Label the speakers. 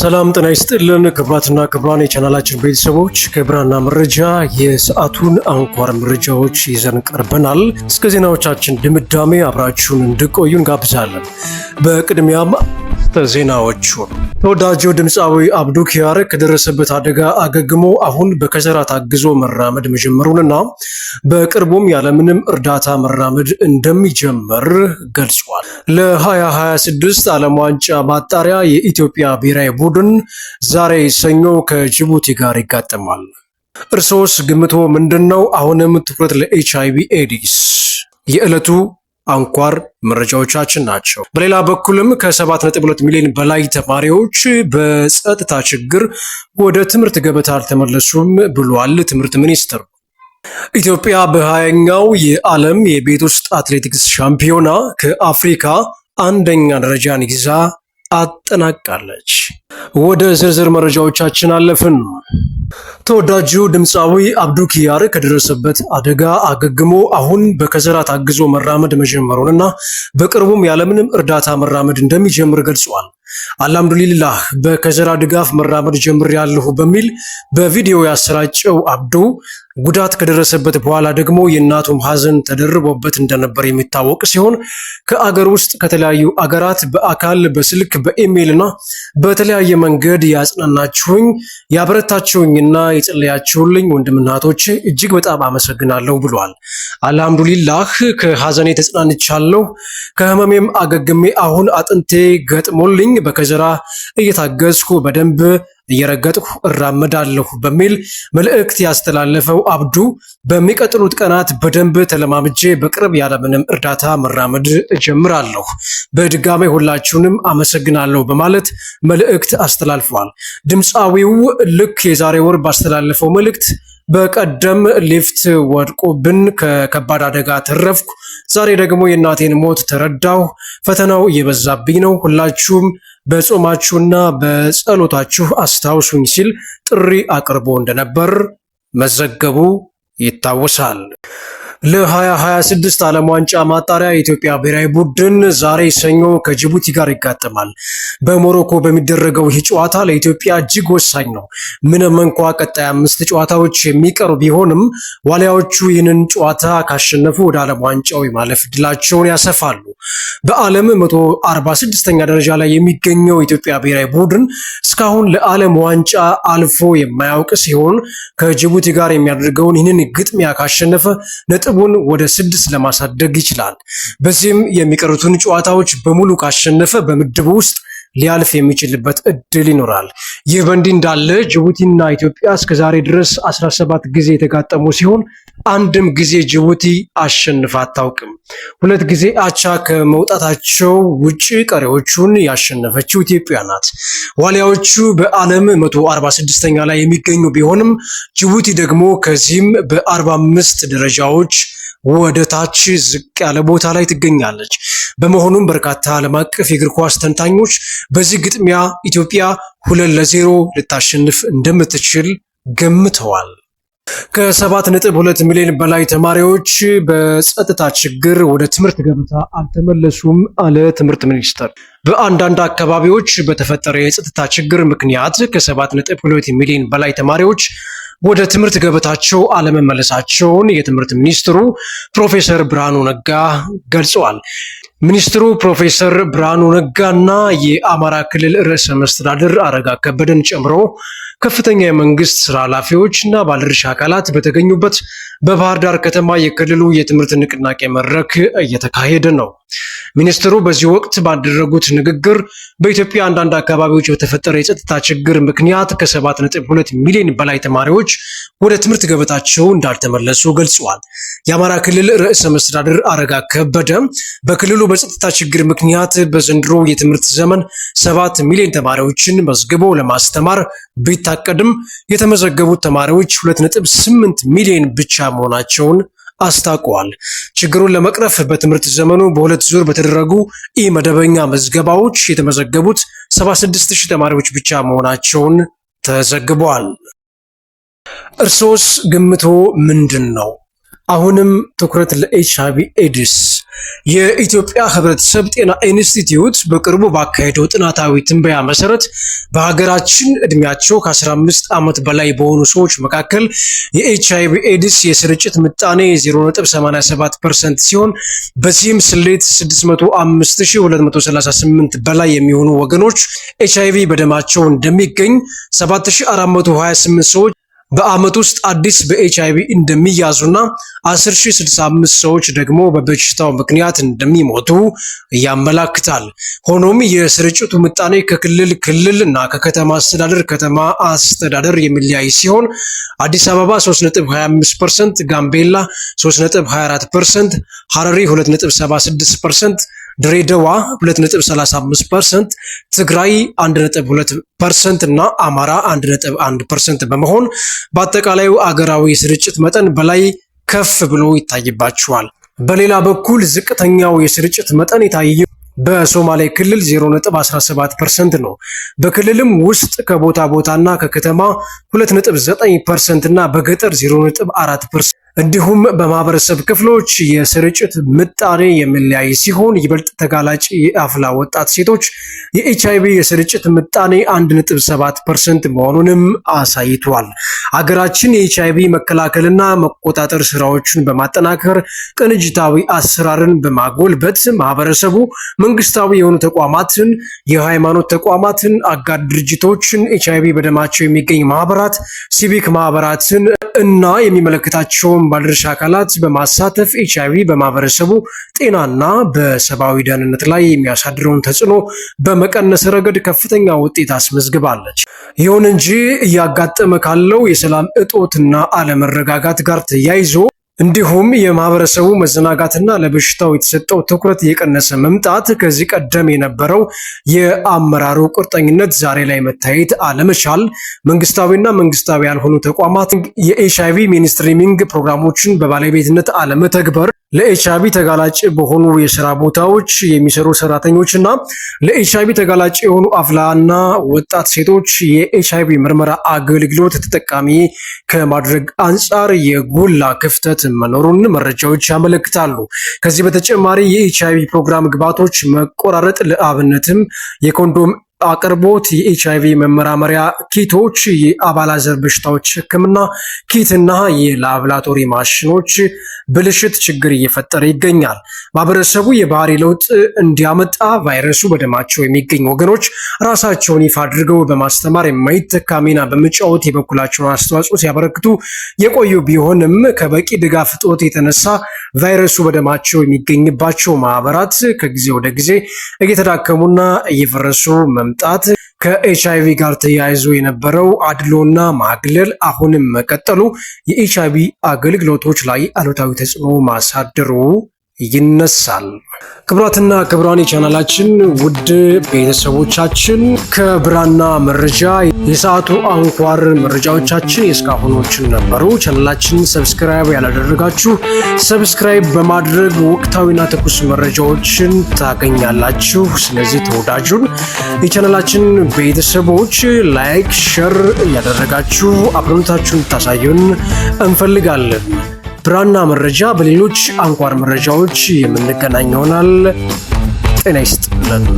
Speaker 1: ሰላም ጤና ይስጥልን ክብራትና ክብራን የቻናላችን ቤተሰቦች ከብራና መረጃ የሰዓቱን አንኳር መረጃዎች ይዘን ቀርበናል። እስከ ዜናዎቻችን ድምዳሜ አብራችሁን እንድቆዩ እንጋብዛለን። በቅድሚያም አርዕስተ ዜናዎቹ ተወዳጁ ድምፃዊ አብዱ ኪያር ከደረሰበት አደጋ አገግሞ አሁን በከሰራ ታግዞ መራመድ መጀመሩንና በቅርቡም ያለምንም እርዳታ መራመድ እንደሚጀምር ገልጿል። ለ2026 ዓለም ዋንጫ ማጣሪያ የኢትዮጵያ ብሔራዊ ቡድን ዛሬ ሰኞ ከጅቡቲ ጋር ይጋጠማል። እርሶስ ግምቶ ምንድን ነው? አሁንም ትኩረት ለኤች አይ ቪ ኤዲስ የዕለቱ አንኳር መረጃዎቻችን ናቸው። በሌላ በኩልም ከ7.2 ሚሊዮን በላይ ተማሪዎች በጸጥታ ችግር ወደ ትምህርት ገበታ አልተመለሱም ብሏል ትምህርት ሚኒስትር። ኢትዮጵያ በሀያኛው የዓለም የቤት ውስጥ አትሌቲክስ ሻምፒዮና ከአፍሪካ አንደኛ ደረጃን ይዛ አጠናቃለች። ወደ ዝርዝር መረጃዎቻችን አለፍን። ተወዳጁ ድምፃዊ አብዱ ኪያር ከደረሰበት አደጋ አገግሞ አሁን በከዘራ ታግዞ መራመድ መጀመሩንና በቅርቡም ያለምንም እርዳታ መራመድ እንደሚጀምር ገልጿል። አልሐምዱሊላህ በከዘራ ድጋፍ መራመድ ጀምር ያለሁ በሚል በቪዲዮ ያሰራጨው አብዱ ጉዳት ከደረሰበት በኋላ ደግሞ የእናቱም ሐዘን ተደርቦበት እንደነበር የሚታወቅ ሲሆን ከአገር ውስጥ ከተለያዩ አገራት በአካል በስልክ በኢሜይልና በተለያየ መንገድ ያጽናናችሁኝ ያበረታችሁኝና የጸለያችሁልኝ ወንድም እናቶቼ እጅግ በጣም አመሰግናለሁ ብሏል። አልሐምዱሊላህ ከሐዘኔ ተጽናንቻለሁ፣ ከህመሜም አገግሜ አሁን አጥንቴ ገጥሞልኝ በከዘራ እየታገዝኩ በደንብ እየረገጥሁ እራመዳለሁ በሚል መልእክት ያስተላለፈው አብዱ በሚቀጥሉት ቀናት በደንብ ተለማምጄ በቅርብ ያለምንም እርዳታ መራመድ እጀምራለሁ፣ በድጋሜ ሁላችሁንም አመሰግናለሁ በማለት መልእክት አስተላልፏል። ድምፃዊው ልክ የዛሬ ወር ባስተላለፈው መልእክት በቀደም ሊፍት ወድቆብን ከከባድ አደጋ ተረፍኩ። ዛሬ ደግሞ የእናቴን ሞት ተረዳሁ። ፈተናው እየበዛብኝ ነው። ሁላችሁም በጾማችሁና በጸሎታችሁ አስታውሱኝ ሲል ጥሪ አቅርቦ እንደነበር መዘገቡ ይታወሳል። ለ2026 ዓለም ዋንጫ ማጣሪያ የኢትዮጵያ ብሔራዊ ቡድን ዛሬ ሰኞ ከጅቡቲ ጋር ይጋጠማል። በሞሮኮ በሚደረገው ይህ ጨዋታ ለኢትዮጵያ እጅግ ወሳኝ ነው። ምንም እንኳ ቀጣይ አምስት ጨዋታዎች የሚቀሩ ቢሆንም ዋሊያዎቹ ይህንን ጨዋታ ካሸነፉ ወደ ዓለም ዋንጫው የማለፍ እድላቸውን ያሰፋሉ። በዓለም 146ኛ ደረጃ ላይ የሚገኘው የኢትዮጵያ ብሔራዊ ቡድን እስካሁን ለዓለም ዋንጫ አልፎ የማያውቅ ሲሆን ከጅቡቲ ጋር የሚያደርገውን ይህንን ግጥሚያ ካሸነፈ ነጥቡን ወደ ስድስት ለማሳደግ ይችላል። በዚህም የሚቀሩትን ጨዋታዎች በሙሉ ካሸነፈ በምድቡ ውስጥ ሊያልፍ የሚችልበት እድል ይኖራል። ይህ በእንዲህ እንዳለ ጅቡቲና ኢትዮጵያ እስከዛሬ ድረስ 17 ጊዜ የተጋጠሙ ሲሆን አንድም ጊዜ ጅቡቲ አሸንፋ አታውቅም። ሁለት ጊዜ አቻ ከመውጣታቸው ውጭ ቀሪዎቹን ያሸነፈችው ኢትዮጵያ ናት። ዋሊያዎቹ በዓለም 146ኛ ላይ የሚገኙ ቢሆንም ጅቡቲ ደግሞ ከዚህም በ45 ደረጃዎች ወደ ታች ዝቅ ያለ ቦታ ላይ ትገኛለች። በመሆኑም በርካታ ዓለም አቀፍ የእግር ኳስ ተንታኞች በዚህ ግጥሚያ ኢትዮጵያ ሁለት ለዜሮ ልታሸንፍ እንደምትችል ገምተዋል። ከሰባት ነጥብ ሁለት ሚሊዮን በላይ ተማሪዎች በጸጥታ ችግር ወደ ትምህርት ገበታ አልተመለሱም አለ ትምህርት ሚኒስቴር። በአንዳንድ አካባቢዎች በተፈጠረ የጸጥታ ችግር ምክንያት ከሰባት ነጥብ ሁለት ሚሊዮን በላይ ተማሪዎች ወደ ትምህርት ገበታቸው አለመመለሳቸውን የትምህርት ሚኒስትሩ ፕሮፌሰር ብርሃኑ ነጋ ገልጸዋል። ሚኒስትሩ ፕሮፌሰር ብርሃኑ ነጋ እና የአማራ ክልል ርዕሰ መስተዳድር አረጋ ከበደን ጨምሮ ከፍተኛ የመንግስት ስራ ኃላፊዎች እና ባለድርሻ አካላት በተገኙበት በባህር ዳር ከተማ የክልሉ የትምህርት ንቅናቄ መድረክ እየተካሄደ ነው። ሚኒስትሩ በዚህ ወቅት ባደረጉት ንግግር በኢትዮጵያ አንዳንድ አካባቢዎች በተፈጠረ የጸጥታ ችግር ምክንያት ከ7.2 ሚሊዮን በላይ ተማሪዎች ወደ ትምህርት ገበታቸው እንዳልተመለሱ ገልጸዋል። የአማራ ክልል ርዕሰ መስተዳድር አረጋ ከበደ በክልሉ በጸጥታ ችግር ምክንያት በዘንድሮ የትምህርት ዘመን 7 ሚሊዮን ተማሪዎችን መዝግቦ ለማስተማር ቢታቀድም የተመዘገቡት ተማሪዎች 2.8 ሚሊዮን ብቻ መሆናቸውን አስታውቀዋል። ችግሩን ለመቅረፍ በትምህርት ዘመኑ በሁለት ዙር በተደረጉ ኢ መደበኛ ምዝገባዎች የተመዘገቡት 76000 ተማሪዎች ብቻ መሆናቸውን ተዘግቧል። እርሶስ ግምቶ ምንድን ነው? አሁንም ትኩረት ለኤች አይቪ ኤድስ የኢትዮጵያ ህብረተሰብ ጤና ኢንስቲትዩት በቅርቡ ባካሄደው ጥናታዊ ትንበያ መሰረት በሀገራችን እድሜያቸው ከ15 ዓመት በላይ በሆኑ ሰዎች መካከል የኤች አይቪ ኤድስ የስርጭት ምጣኔ 0.87 ፐርሰንት ሲሆን በዚህም ስሌት 605238 በላይ የሚሆኑ ወገኖች ኤች በደማቸው እንደሚገኝ 7428 ሰዎች በአመት ውስጥ አዲስ በኤች አይቪ እንደሚያዙና 10,065 ሰዎች ደግሞ በበሽታው ምክንያት እንደሚሞቱ ያመላክታል። ሆኖም የስርጭቱ ምጣኔ ከክልል ክልል እና ከከተማ አስተዳደር ከተማ አስተዳደር የሚለያይ ሲሆን አዲስ አበባ 3.25%፣ ጋምቤላ 3.24%፣ ሐረሪ 2.76%፣ ድሬዳዋ 2.35%፣ ትግራይ 1.2% እና አማራ 1.1% በመሆን በአጠቃላዩ አገራዊ የስርጭት መጠን በላይ ከፍ ብሎ ይታይባቸዋል። በሌላ በኩል ዝቅተኛው የስርጭት መጠን የታየው በሶማሌ ክልል 0.17% ነው። በክልልም ውስጥ ከቦታ ቦታና ከከተማ 2.9% እና በገጠር 0.4% እንዲሁም በማህበረሰብ ክፍሎች የስርጭት ምጣኔ የሚለያይ ሲሆን ይበልጥ ተጋላጭ የአፍላ ወጣት ሴቶች ቪ የስርጭት ምጣኔ 1.7 ፐርሰንት መሆኑንም አሳይቷል። ሀገራችን ቪ መከላከልና መቆጣጠር ስራዎችን በማጠናከር ቅንጅታዊ አሰራርን በማጎልበት ማህበረሰቡ መንግስታዊ የሆኑ ተቋማትን፣ የሃይማኖት ተቋማትን፣ አጋር ድርጅቶችን፣ ኤችአይቪ በደማቸው የሚገኝ ማህበራት፣ ሲቪክ ማህበራትን እና የሚመለከታቸውን ባለድርሻ አካላት በማሳተፍ ኤች አይ ቪ በማህበረሰቡ ጤናና በሰብአዊ ደህንነት ላይ የሚያሳድረውን ተጽዕኖ በመቀነስ ረገድ ከፍተኛ ውጤት አስመዝግባለች። ይሁን እንጂ እያጋጠመ ካለው የሰላም እጦትና አለመረጋጋት ጋር ተያይዞ እንዲሁም የማህበረሰቡ መዘናጋትና ለበሽታው የተሰጠው ትኩረት እየቀነሰ መምጣት ከዚህ ቀደም የነበረው የአመራሩ ቁርጠኝነት ዛሬ ላይ መታየት አለመቻል፣ መንግስታዊና መንግስታዊ ያልሆኑ ተቋማት የኤችአይቪ ሚኒስትሪሚንግ ፕሮግራሞችን በባለቤትነት አለመተግበር ለኤችአይቪ ተጋላጭ በሆኑ የስራ ቦታዎች የሚሰሩ ሰራተኞች እና ለኤችአይቪ ተጋላጭ የሆኑ አፍላና ወጣት ሴቶች የኤችአይቪ ምርመራ አገልግሎት ተጠቃሚ ከማድረግ አንጻር የጎላ ክፍተት ስጋትም መኖሩን መረጃዎች ያመለክታሉ። ከዚህ በተጨማሪ የኤችአይቪ ፕሮግራም ግብዓቶች መቆራረጥ ለአብነትም የኮንዶም አቅርቦት፣ የኤች አይቪ መመራመሪያ ኪቶች፣ የአባላዘር በሽታዎች ሕክምና ኪትና የላብራቶሪ ማሽኖች ብልሽት ችግር እየፈጠረ ይገኛል። ማህበረሰቡ የባህሪ ለውጥ እንዲያመጣ ቫይረሱ በደማቸው የሚገኙ ወገኖች ራሳቸውን ይፋ አድርገው በማስተማር የማይተካ ሚና በመጫወት የበኩላቸውን አስተዋጽኦ ሲያበረክቱ የቆዩ ቢሆንም ከበቂ ድጋፍ እጦት የተነሳ ቫይረሱ በደማቸው የሚገኝባቸው ማህበራት ከጊዜ ወደ ጊዜ እየተዳከሙና እየፈረሱ መምጣት ከኤች አይቪ ጋር ተያይዞ የነበረው አድሎና ማግለል አሁንም መቀጠሉ የኤች አይቪ አገልግሎቶች ላይ አሉታዊ ተጽዕኖ ማሳደሩ ይነሳል። ክብራትና ክብራን የቻናላችን ውድ ቤተሰቦቻችን ከብራና መረጃ የሰዓቱ አንኳር መረጃዎቻችን የእስካሁኖችን ነበሩ። ቻናላችን ሰብስክራይብ ያላደረጋችሁ ሰብስክራይብ በማድረግ ወቅታዊና ትኩስ መረጃዎችን ታገኛላችሁ። ስለዚህ ተወዳጁን የቻናላችን ቤተሰቦች ላይክ፣ ሸር እያደረጋችሁ አብሮነታችሁን ታሳዩን እንፈልጋለን። ብራና መረጃ በሌሎች አንኳር መረጃዎች የምንገናኝ ይሆናል። ጤና ይስጥልን።